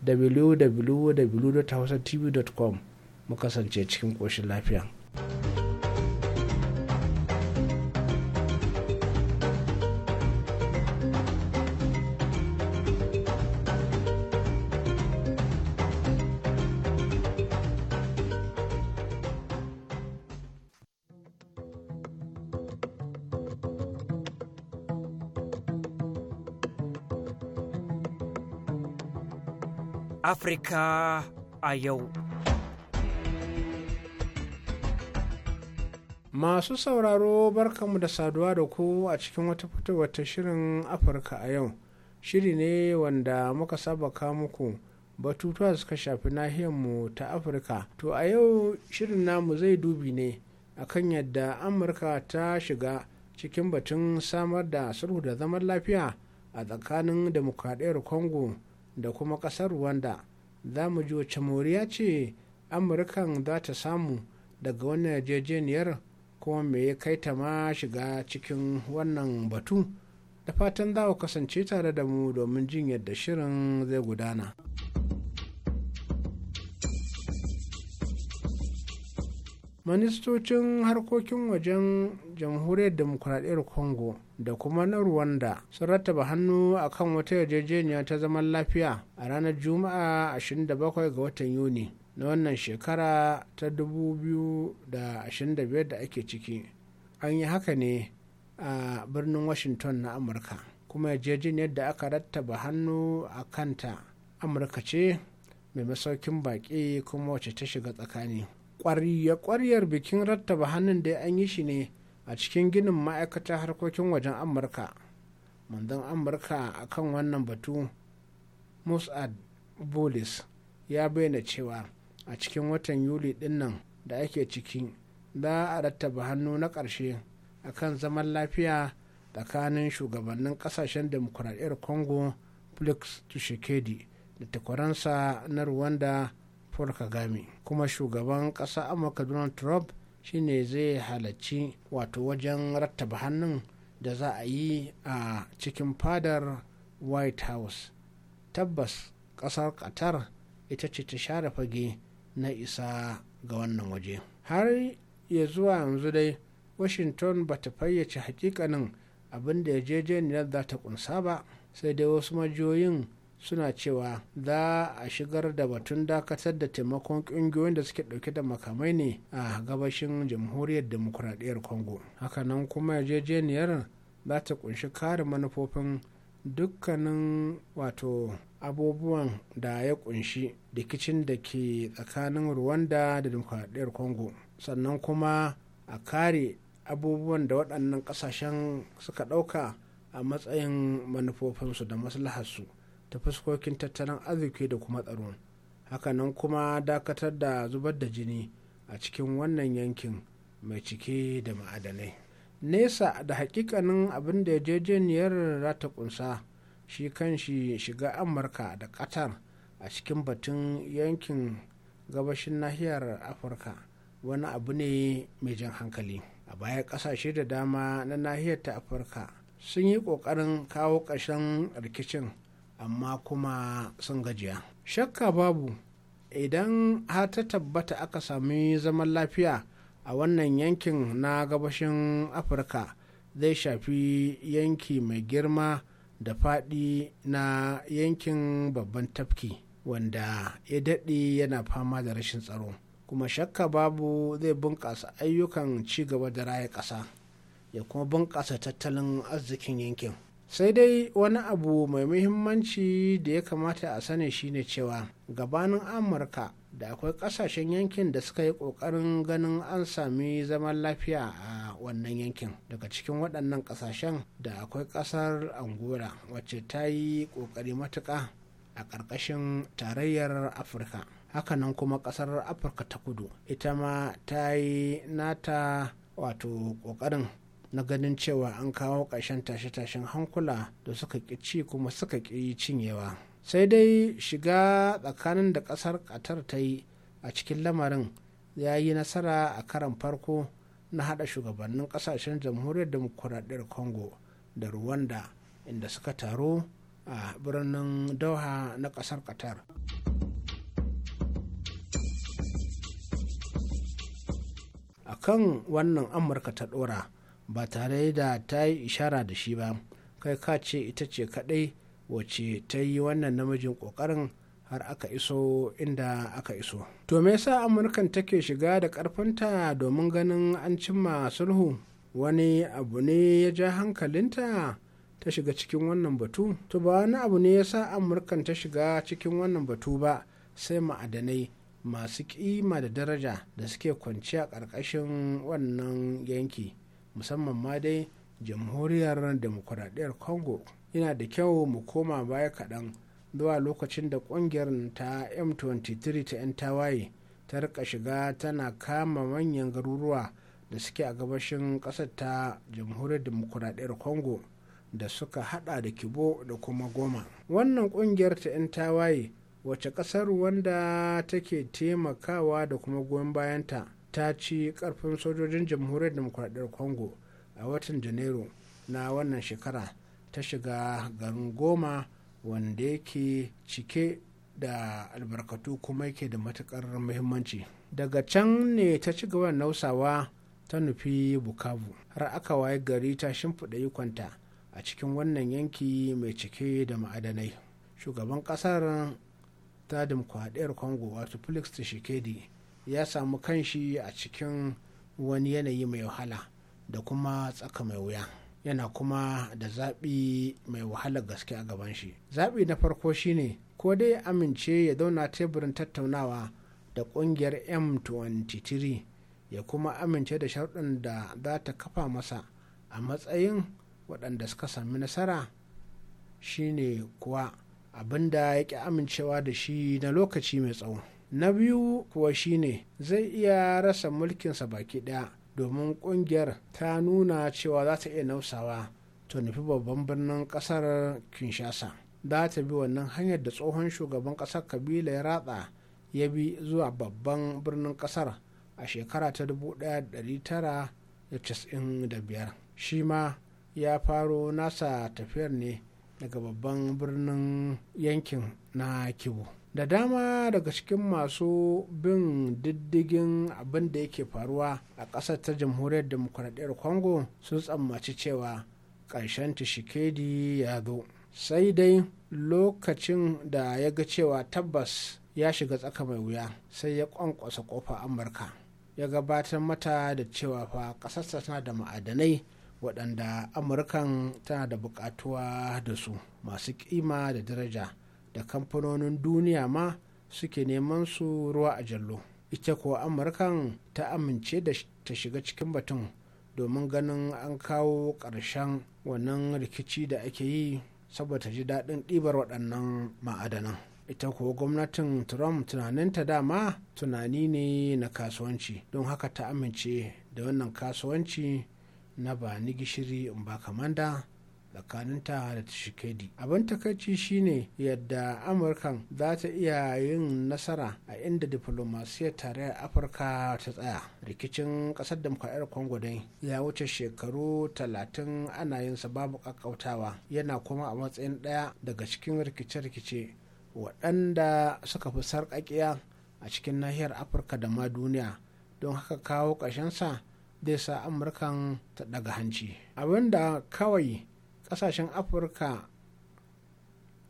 www.hausatv.com mu kasance cikin ƙoshin lafiya. Afirka a yau. Masu sauraro barkamu da saduwa da ku a cikin wata fitowa ta shirin Afirka a yau. Shiri ne wanda muka saba muku batutuwa suka shafi nahiyarmu ta Afirka. To a yau shirin namu zai dubi ne akan yadda Amurka ta shiga cikin batun samar da sulhu da zaman lafiya a tsakanin demokradiyyar kongo. da kuma kasar rwanda za mu ji wace moriya ce amurkan za ta samu daga wannan yarjejeniyar kuma me ya kai ta ma shiga cikin wannan batu da fatan za kasance tare da mu domin jin yadda shirin zai gudana. ministocin harkokin wajen jamhuriyar demokuraɗiyar congo da kuma na rwanda sun rattaba hannu a kan wata yarjejeniya ta zaman lafiya a ranar juma'a 27 ga watan yuni na wannan shekara ta 2025 da ake ciki an yi haka ne a birnin washington na amurka kuma yarjejeniyar da aka rattaba hannu a kanta amurka ce mai masaukin baƙi kuma wacce ta shiga tsakani ƙwarya kwaryar bikin rattaba hannun da an yi shi ne a cikin ginin ma'aikatar harkokin wajen amurka manzon amurka a kan wannan batu musad bolis ya bayyana cewa a cikin watan yuli dinnan da ake ciki za a rattaba hannu na ƙarshe a kan zaman lafiya tsakanin shugabannin ƙasashen demokuraɗiyar congo flix tushekedi da takwaransa na rwanda paul kagame kuma shugaban ƙasa amurka donald trump shine zai halarci wato wajen rattaba hannun da za a yi a cikin fadar white house tabbas ƙasar qatar ita ce ta share fage na isa ga wannan waje har ya zuwa yanzu dai washington ba ta fayyace hakikanin abin da yarjejeniyar za ta kunsa ba sai dai wasu majiyoyin suna cewa za a shigar da batun dakatar da taimakon ƙungiyoyin da suke ɗauke da makamai ne a gabashin jamhuriyar demokuraɗiyyar congo hakanan kuma yarjejeniyar za ta kunshi kare manufofin dukkanin wato abubuwan da ya kunshi rikicin da ke tsakanin rwanda da demokuraɗiyyar congo sannan kuma a kare abubuwan da waɗannan ƙasashen suka ɗauka a matsayin manufofinsu da maslaharsu ta fuskokin tattalin arziki da kuma tsaro hakanan kuma dakatar da zubar da jini a cikin wannan yankin mai cike da ma'adanai nesa da hakikanin abin da yarjejeniyar rata kunsa shi kan shi shiga amurka da qatar a cikin batun yankin gabashin nahiyar afirka wani abu ne mai jan hankali a baya kasashe da dama na nahiyar ta afirka sun yi kokarin kawo ƙarshen rikicin amma kuma sun gajiya shakka babu idan har ta tabbata aka sami zaman lafiya a wannan yankin na gabashin afirka zai shafi yanki mai girma da faɗi na yankin babban tafki wanda ya daɗe yana fama da rashin tsaro kuma shakka babu zai bunƙasa ayyukan ci gaba da raya ƙasa ya kuma bunƙasa tattalin arzikin yankin. sai dai wani abu mai muhimmanci da ya kamata a sani shine cewa gabanin amurka da akwai kasashen yankin da suka yi kokarin ganin an sami zaman lafiya a wannan yankin daga cikin waɗannan kasashen da akwai ƙasar angola wacce ta yi ƙoƙari matuƙa a ƙarƙashin tarayyar afirka hakanan kuma ƙasar afirka ta kudu ita ma ta yi nata wato ƙoƙarin na ganin cewa an kawo ƙarshen tashe-tashen hankula da suka ƙi ci kuma suka ƙi cinyewa sai dai shiga tsakanin da ƙasar ƙatar ta yi a cikin lamarin ya yi nasara a karan farko na haɗa shugabannin ƙasashen jamhuriyar demokuraɗiyar congo da rwanda inda suka taro a birnin doha na ƙasar qatar a kan wannan amurka ta ɗora ba tare da ta yi ishara da shi ba kai ka ce ita ce kadai wacce ta yi wannan namijin kokarin har aka iso inda aka iso to me yasa amurkan take shiga da karfinta domin ganin an cimma sulhu wani abu ne ya ja hankalinta ta shiga cikin wannan batu to ba wani abu ne ya sa amurkan ta shiga cikin wannan batu ba sai ma'adanai masu kima da daraja da suke kwanci a ƙarƙashin wannan yanki musamman ma dai jamhuriyar demokuraɗiyar congo yana da kyau mu koma baya kaɗan zuwa lokacin da ƙungiyar ta m23 ta 'yan tawaye ta rika shiga tana kama manyan garuruwa da suke a gabashin ƙasar ta jamhuriyar demokuraɗiyar congo da suka hada da kibo da kuma goma wannan ƙungiyar ta 'yan tawaye wace ƙasar wanda take taimakawa da kuma goyon bayanta ta ci karfin sojojin jamhuriyar demokuraɗiyar congo a watan janairu na wannan shekara ta shiga garin goma wanda yake cike da albarkatu kuma yake da matukar muhimmanci daga can ne ta ci gaba nausawa ta nufi bukavu har aka waye gari ta shimfiɗa ikonta a cikin wannan yanki mai cike da ma'adanai shugaban ƙasar ta dimkwaɗiyar congo wato felix tshisekedi ya samu kanshi a cikin wani yanayi mai wahala da kuma tsaka mai wuya yana kuma da zaɓi mai wahalar gaske a gaban shi zaɓi na farko shine ko dai amince ya zauna teburin tattaunawa da ƙungiyar m23 ya kuma amince da sharɗin da za ta kafa masa a matsayin waɗanda suka sami nasara shine kuwa Abinda da ya ƙi amincewa da shi na lokaci mai tsawo na biyu kuwa shine zai iya rasa mulkinsa baki ɗaya domin ƙungiyar ta nuna cewa za ta iya nausawa ta nufi babban birnin ƙasar kinshasa za ta bi wannan hanyar da tsohon shugaban ƙasar kabila ya ratsa ya bi zuwa babban birnin ƙasar a shekara ta 1995 shi ma ya faro nasa tafiyar ne daga babban birnin yankin na kibu da dama daga cikin masu bin diddigin abin da yake faruwa a ƙasar ta jamhuriyar demokuraɗiyar congo sun tsammaci cewa ƙarshen tishikedi ya zo sai dai lokacin da ya ga cewa tabbas ya shiga tsaka mai wuya sai ya ƙwanƙwasa ƙofa amurka ya gabatar mata da cewa fa ƙasarsa tana da ma'adanai waɗanda amurkan tana da buƙatuwa da su masu ƙima da daraja da kamfanonin duniya ma suke neman su ruwa a jallo ita kuwa amurkan ta amince da ta shiga cikin batun domin ganin an kawo ƙarshen wannan rikici da ake yi saboda ji daɗin ɗibar waɗannan ma'adanan ita kuwa gwamnatin trump ta dama tunani ne na kasuwanci don haka ta amince da wannan kasuwanci na ba ni gishiri in ba kamanda tsakaninta da tashikedi abin takaici shine yadda amurkan za ta iya yin nasara a inda diflomasiyyar tarayyar afirka ta tsaya rikicin kasar demokradiyyar congo dai ya wuce shekaru talatin ana yinsa babu kakkautawa yana kuma a matsayin daya daga cikin rikice-rikice waɗanda suka fi sarƙaƙiya a cikin nahiyar afirka da ma duniya don haka kawo ƙashinsa zai sa amurkan ta daga hanci abinda kawai kasashen afirka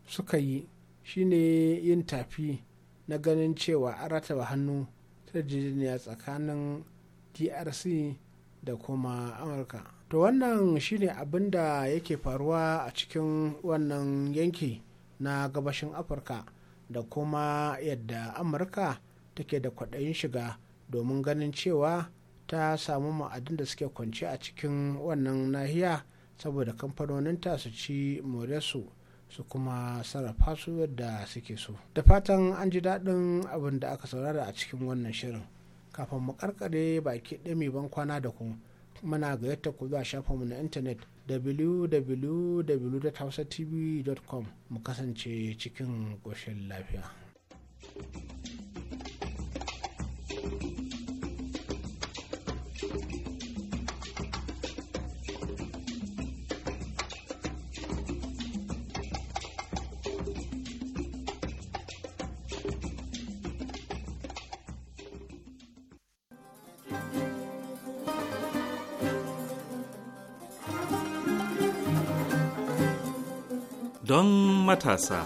suka yi shine yin tafi na ganin cewa an rataba hannu ta yarjejeniya tsakanin drc da kuma amurka to wannan shine abin da yake faruwa a cikin wannan yanki na gabashin afirka da kuma yadda amurka take da kwaɗayin shiga domin ganin cewa ta samu ma'adin da suke kwance a cikin wannan nahiya saboda kamfanoninta su ci moresu su kuma sarrafa su yadda suke so da fatan an ji daɗin abin da aka saurara a cikin wannan shirin kafin mu karkare baki ɗami ban kwana da ku muna gayyata ku zuwa shafinmu na intanet www.hausatv.com mu kasance cikin ƙoshin lafiya. matasa.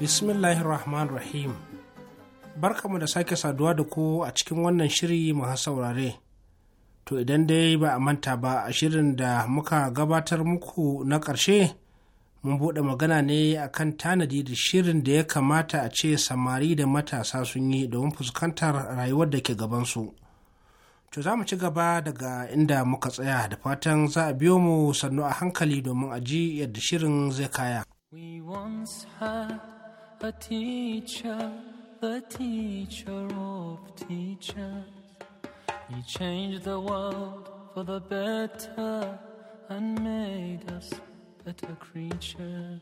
Bismillahirrahmanirrahim. mu da sake saduwa da ku a cikin wannan shiri masu saurare. To idan dai ba a manta ba a shirin da muka gabatar muku na ƙarshe, mun buɗe magana ne a kan tanadi da shirin da ya kamata a ce samari da matasa sun yi domin fuskantar rayuwar da ke gabansu. To za mu ci gaba daga inda muka tsaya da fatan za a biyo mu sannu a hankali domin a ji yadda shirin zai kaya. We once had a teacher, the teacher of teachers. He changed the world for the better and made us better creatures.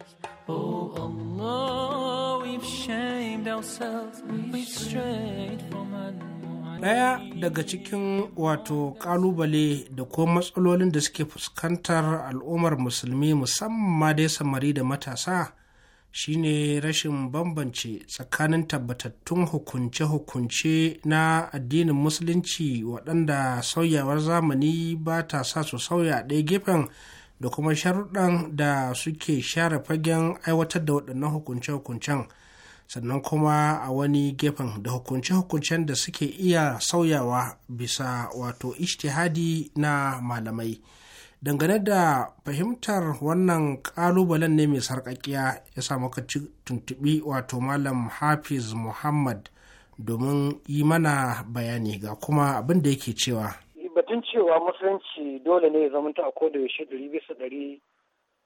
Oh Allah, we've shamed ourselves, we've strayed from Allah. ɗaya daga cikin wato ƙalubale da ko matsalolin da suke fuskantar al'ummar musulmi musamman dai samari da matasa shine rashin bambance tsakanin tabbatattun hukunce-hukunce na addinin musulunci waɗanda sauyawar zamani ba ta sa su sauya ɗaya gefen da kuma sharuɗan da suke share fagen aiwatar da waɗannan hukunce-hukuncen. sannan kuma a wani gefen da hukunce-hukuncen da suke iya sauyawa bisa wato ishtihadi na malamai dangane da fahimtar wannan kalubalen ne mai sarkakiya ya samu ka tuntubi wato malam hafiz muhammad domin yi mana bayani ga kuma abin da yake cewa batun cewa musulunci dole ne ya zamanta a da yaushe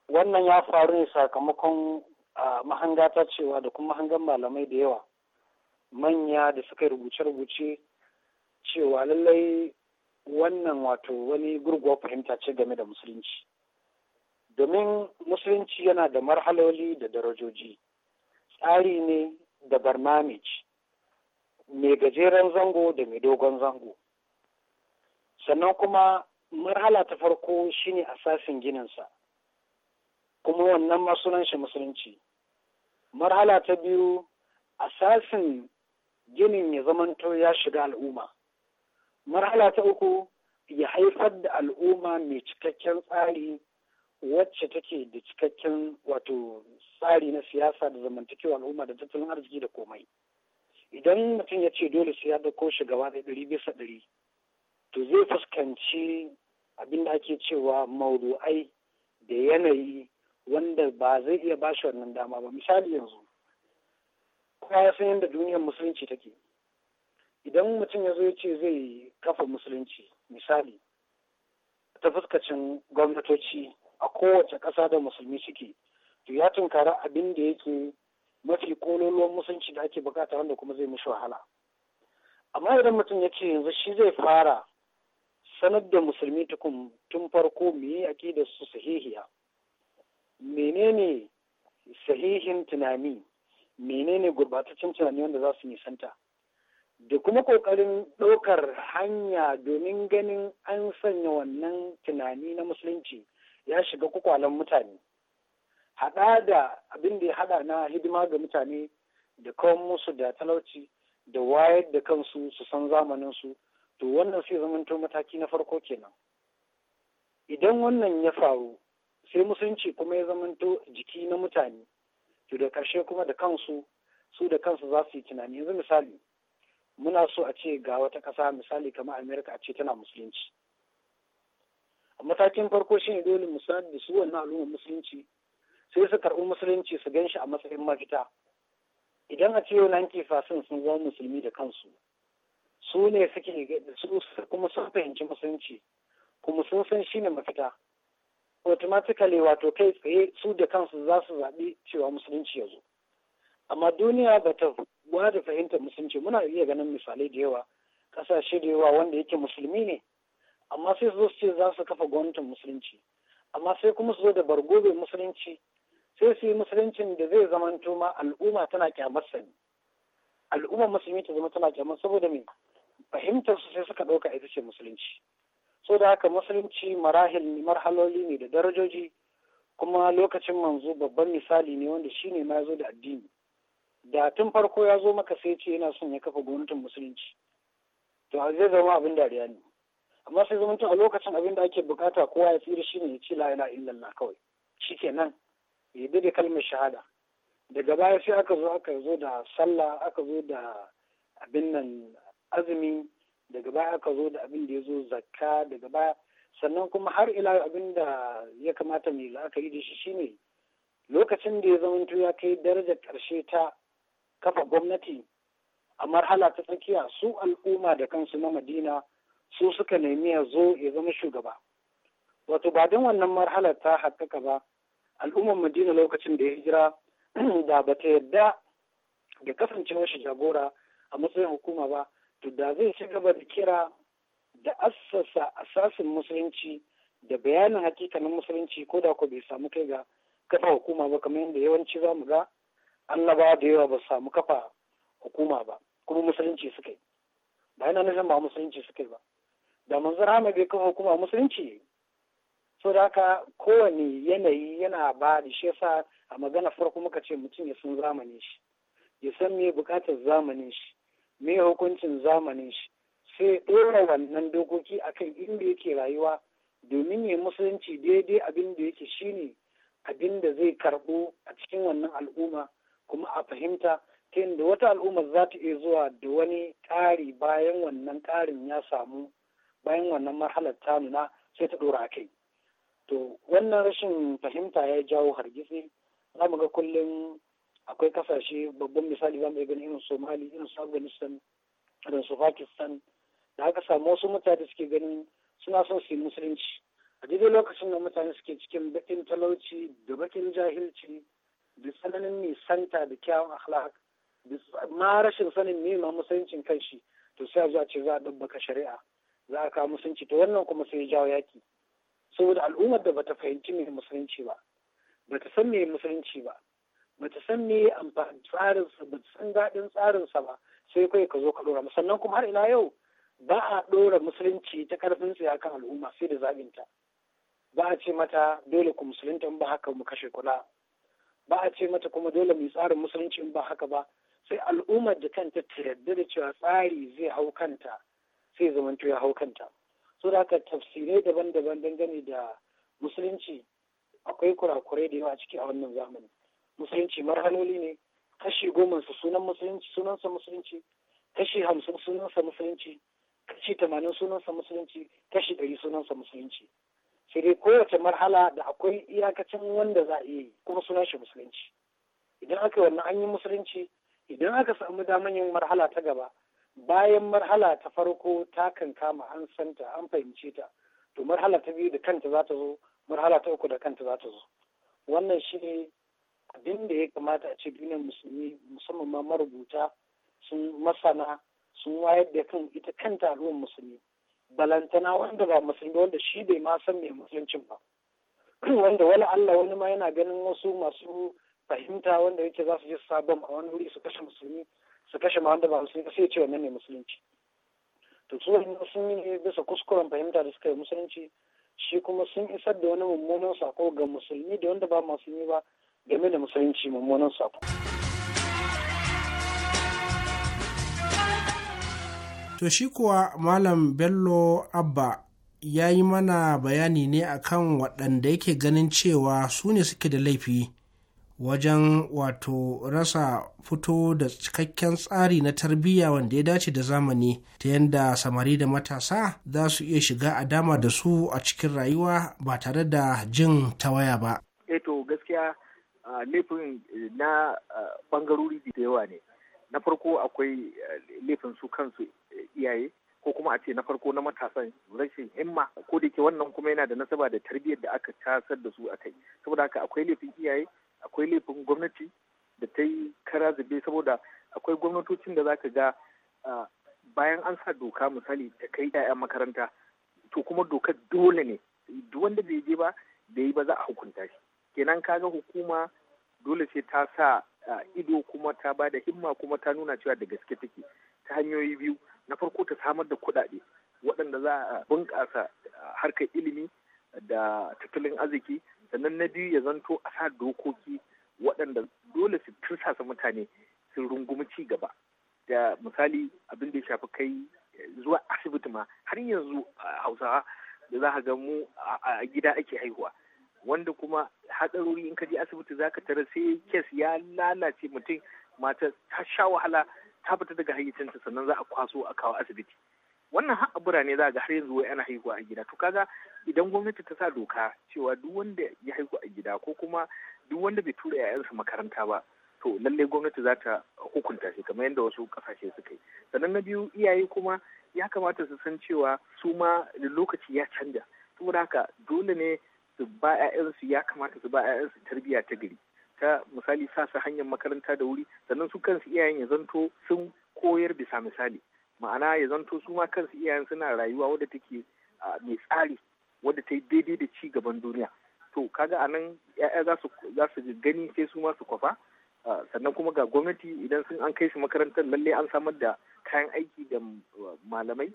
wannan ya faru ne sakamakon a mahanga ta cewa da kuma hangar malamai da yawa manya da suka rubuce-rubuce cewa lallai wannan wato wani gurguwa fahimta ce game da musulunci domin musulunci yana da marhaloli da darajoji tsari ne da barnamij mai gajeren zango da mai dogon zango sannan kuma marhala ta farko shine asasin sa kuma wannan ma shi musulunci marhala ta biyu asasin ginin ya zamanto ya shiga al'umma marhala ta uku ya haifar da al'umma mai cikakken tsari wacce take da cikakken wato tsari na siyasa da zamantakewa al'umma da tattalin arziki da komai idan mutum ya ce dole sai ya dauko shugaba da ɗari bisa ɗari to zai fuskanci abin da ake cewa maudu'ai da yanayi wanda ba zai iya bashi shi wannan dama ba misali yanzu kowa ya san yadda duniyar musulunci take idan mutum ya zo ya ce zai kafa musulunci misali ta fuskacin gwamnatoci a kowace ƙasa da musulmi suke to ya tunkara abin da yake mafi kololuwan musulunci da ake bukata wanda kuma zai mishi wahala amma idan mutum ya ce yanzu shi zai fara sanar da musulmi tukun tun farko mu yi aƙidar su sahihiya menene sahihin tunani menene gurbataccen tunani wanda za su nisanta da kuma ƙoƙarin ɗaukar hanya domin ganin an sanya wannan tunani na musulunci ya shiga kwakwalen mutane haɗa da abin da ya haɗa na hidima ga mutane da kawan musu da talauci da wayar da kansu su san zamaninsu to wannan sai zamanto mataki na farko kenan idan wannan ya faru sai musulunci kuma ya zamanto jiki na mutane to da ƙarshe kuma da kansu su da kansu za su yi tunani yanzu misali muna so a ce ga wata ƙasa misali kamar amerika a ce tana musulunci a matakin farko shine dole misali da su wannan al'ummar musulunci sai su karɓi musulunci su gan shi a matsayin mafita idan a ce yau fasin sun zama musulmi da kansu su ne suke su kuma sun fahimci musulunci kuma sun san shine mafita automatically wato kai tsaye su da kansu za su zaɓi cewa musulunci ya zo amma duniya ba ta ba da fahimtar musulunci muna iya ganin misalai da yawa ƙasashe da yawa wanda yake musulmi ne amma sai su zo su ce za su kafa gwamnatin musulunci amma sai kuma su zo da bargobe musulunci sai su yi musuluncin da zai zamanto ma al'umma tana kyamarsa ne al'umma musulmi ta zama tana kyamar saboda me fahimtar su sai suka ɗauka ita ce musulunci so da haka musulunci marahil marhaloli ne da darajoji kuma lokacin manzo babban misali ne wanda shi ma ya zo da addini da tun farko ya zo maka sai ce yana son ya kafa gwamnatin musulunci to a zai zama abin dariya ne amma sai zama a lokacin abin da ake bukata kowa ya tsira shi ne ya ce la ilaha illallah kawai shi shikenan ya dade kalmar shahada daga baya sai aka zo aka zo da sallah aka zo da abin nan azumi daga baya aka zo da abin da ya zo zakka daga baya sannan kuma har ila abin da ya kamata mai la'akari da shi shine lokacin da ya zamanto ya kai darajar ƙarshe ta kafa gwamnati a marhala ta tsakiya su al'umma da kansu na madina su suka nemi ya zo ya zama shugaba wato ba don wannan marhala ta haƙƙaƙa ba al'ummar madina lokacin da ya jira da ba ta yarda da kasancewar shi jagora a matsayin hukuma ba to da zai ci gaba da kira da assasa asasin musulunci da bayanin hakikanin musulunci ko da ko bai samu kai ga kafa hukuma ba kamar yadda yawanci za mu ga annabawa da yawa ba samu kafa hukuma ba kuma musulunci suka yi ba yana nufin ba musulunci suka yi ba da mun zara bai kafa hukuma musulunci so da haka kowane yanayi yana ba da shi yasa a magana farko muka ce mutum ya san zamanin shi ya san me bukatar zamanin shi me hukuncin zamanin shi sai ɗora wannan dokoki akan inda yake rayuwa domin ya musulunci daidai abin da yake shine abin da zai karɓo a cikin wannan al'umma kuma a fahimta ta yadda wata al'umma za ta iya zuwa da wani ƙari bayan wannan ƙarin ya samu bayan wannan marhalar ta nuna sai ta ɗora a kai to wannan rashin fahimta ya jawo hargitsi za mu ga kullum akwai kasashe babban misali zamu iya ganin irin somali irin su afghanistan irin su pakistan da haka samu wasu mutane suke ganin suna son su yi musulunci a daidai lokacin da mutane suke cikin bakin talauci da bakin jahilci da tsananin nisanta da kyawun akhlaq da ma rashin sanin me ma musuluncin kanshi to sai a zo ce za a dabbaka shari'a za a kawo musulunci to wannan kuma sai ya jawo yaki saboda al'ummar da bata fahimci me musulunci ba bata san mai musulunci ba bata san me amfani tsarinsa ba ta san daɗin tsarinsa ba sai kai ka zo ka ɗora sannan kuma har ina yau ba a ɗora musulunci ta ƙarfin tsaye kan al'umma sai da zabinta ba a ce mata dole ku musulunta ba haka mu kashe kula ba a ce mata kuma dole mu tsarin musulunci ba haka ba sai al'ummar da kanta ta yarda da cewa tsari zai hau kanta sai zamanto ya hau kanta so da haka tafsirai daban-daban dangane da musulunci akwai kurakurai da yawa ciki a wannan zamani musulunci marhaloli ne kashi goma su sunan musulunci sunansa musulunci kashi hamsin sunansa musulunci kashi tamanin sunansa musulunci kashi ɗari sunansa musulunci sai dai kowace marhala da akwai iyakacin wanda za a yi kuma sunan shi musulunci idan aka yi wannan an yi musulunci idan aka samu daman yin marhala ta gaba bayan marhala ta farko ta kan kama an santa an fahimce ta to marhala ta biyu da kanta za ta zo marhala ta uku da kanta za ta zo wannan shi ne abin da ya kamata a ce duniyar musulmi musamman ma marubuta sun masana sun wayar da kan ita kan ruwan musulmi balantana wanda ba musulmi wanda shi bai ma san mai musuluncin ba wanda wala Allah wani ma yana ganin wasu masu fahimta wanda yake za su je su sabon a wani wuri su kashe musulmi su kashe ma wanda ba musulmi sai ya ce wannan ne musulunci to su wani musulmi ne bisa kuskuren fahimta da suka yi musulunci shi kuma sun isar da wani mummunan sako ga musulmi da wanda ba musulmi ba game da musulunci mummunan sako. To shi kuwa Malam Bello Abba ya yi mana bayani ne akan waɗanda yake ganin cewa su ne suke da laifi wajen wato rasa fito da cikakken tsari na tarbiyya wanda ya dace da zamani ta yadda samari da matasa za su iya shiga a dama da su a cikin rayuwa ba tare da jin tawaya ba. Eto eh gaskiya laifin eh, na bangarori da yawa ne na farko akwai eh, laifin su kansu eh, iyaye ko kuma a ce na farko na matasan rashin himma ko da ke wannan kuma yana da nasaba da tarbiyyar da aka tasar da su a kai saboda haka akwai laifin iyaye akwai laifin gwamnati da ta yi kara zube saboda akwai gwamnatocin da zaka ga bayan an sa doka misali ta kai 'ya'yan makaranta to kuma dokar dole ne duk wanda bai je ba da yi ba za a hukunta shi kenan kaga hukuma dole sai ta sa ido kuma ta ba da himma kuma ta nuna cewa da gaske take ta hanyoyi biyu na farko ta samar da kuɗaɗe waɗanda za a bunƙasa harkar ilimi da tattalin arziki sannan na biyu ya zanto a sa dokoki waɗanda dole su tursasa mutane su rungumi ci gaba da misali abin da ya shafi kai zuwa asibiti ma har yanzu hausawa da za ga mu a gida ake haihuwa wanda kuma hatsarori in ka je asibiti za ka tara sai kes ya lalace mutum mata ta sha wahala ta fita daga hayyacinta sannan za a kwaso a kawo asibiti wannan har a ne za ga har yanzu wai ana haihuwa a gida to kaga idan gwamnati ta sa doka cewa duk wanda ya haihu a gida ko kuma duk wanda bai tura yayansa makaranta ba to lalle gwamnati za ta hukunta shi kamar yadda wasu kasashe suka yi sannan na biyu iyaye kuma ya kamata su san cewa su ma lokaci ya canja saboda haka dole ne su ba 'ya'yansu ya kamata su ba 'ya'yansu tarbiyya ta gari ta misali sa su hanyar makaranta da wuri sannan su kansu iyayen ya zanto sun koyar bisa misali ma'ana ya zanto su ma kansu iyayen suna rayuwa wadda take mai tsari wadda ta yi daidai da ci gaban duniya to kaga anan ya'ya za su gani sai su ma su kwafa sannan kuma ga gwamnati idan sun an kai su makarantar lallai an samar da kayan aiki da malamai.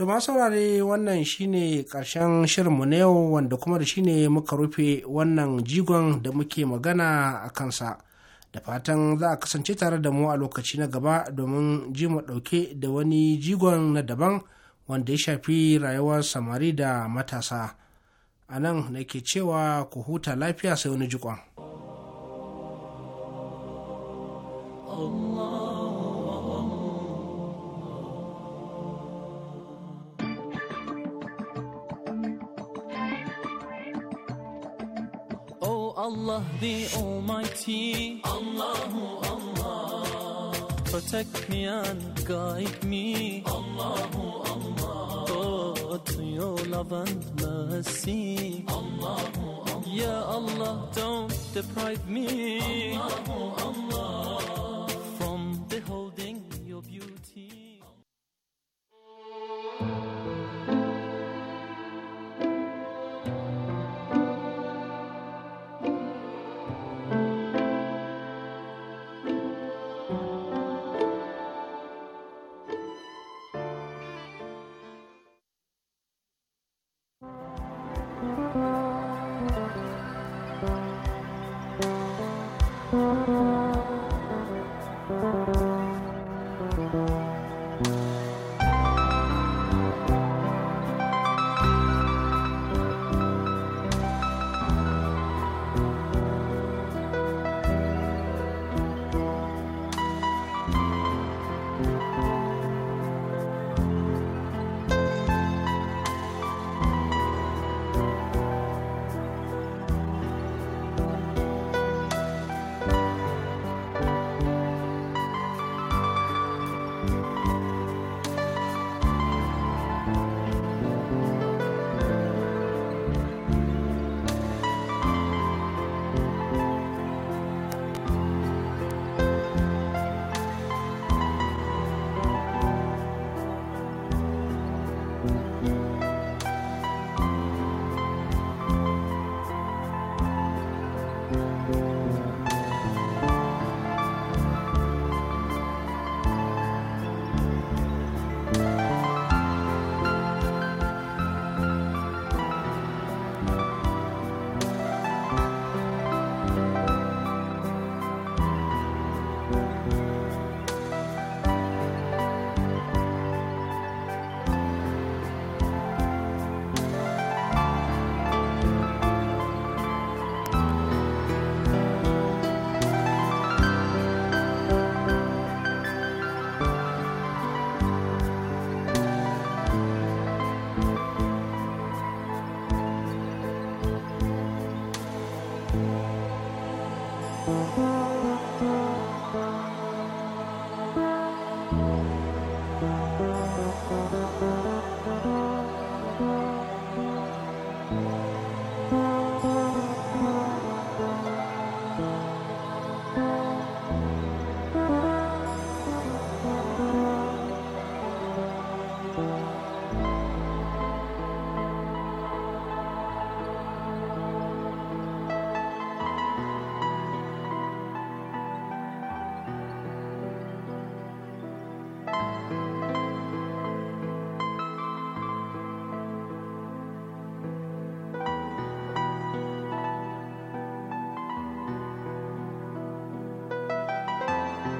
To ma saurare wannan shine ƙarshen shirinmu na yau wanda kuma da shine muka rufe wannan jigon da muke magana a kansa. Da fatan za a kasance tare da mu a lokaci na gaba domin ji mu ɗauke da wani jigon na daban wanda ya shafi rayuwar samari da matasa. A nan nake cewa ku huta lafiya sai wani jikon. Allah the Almighty. Allahu Allah. Protect me and guide me. Allahu Allah. Oh, to your love and mercy. Allahu Allah. Ya Allah, don't deprive me. Allahu Allah. From beholding.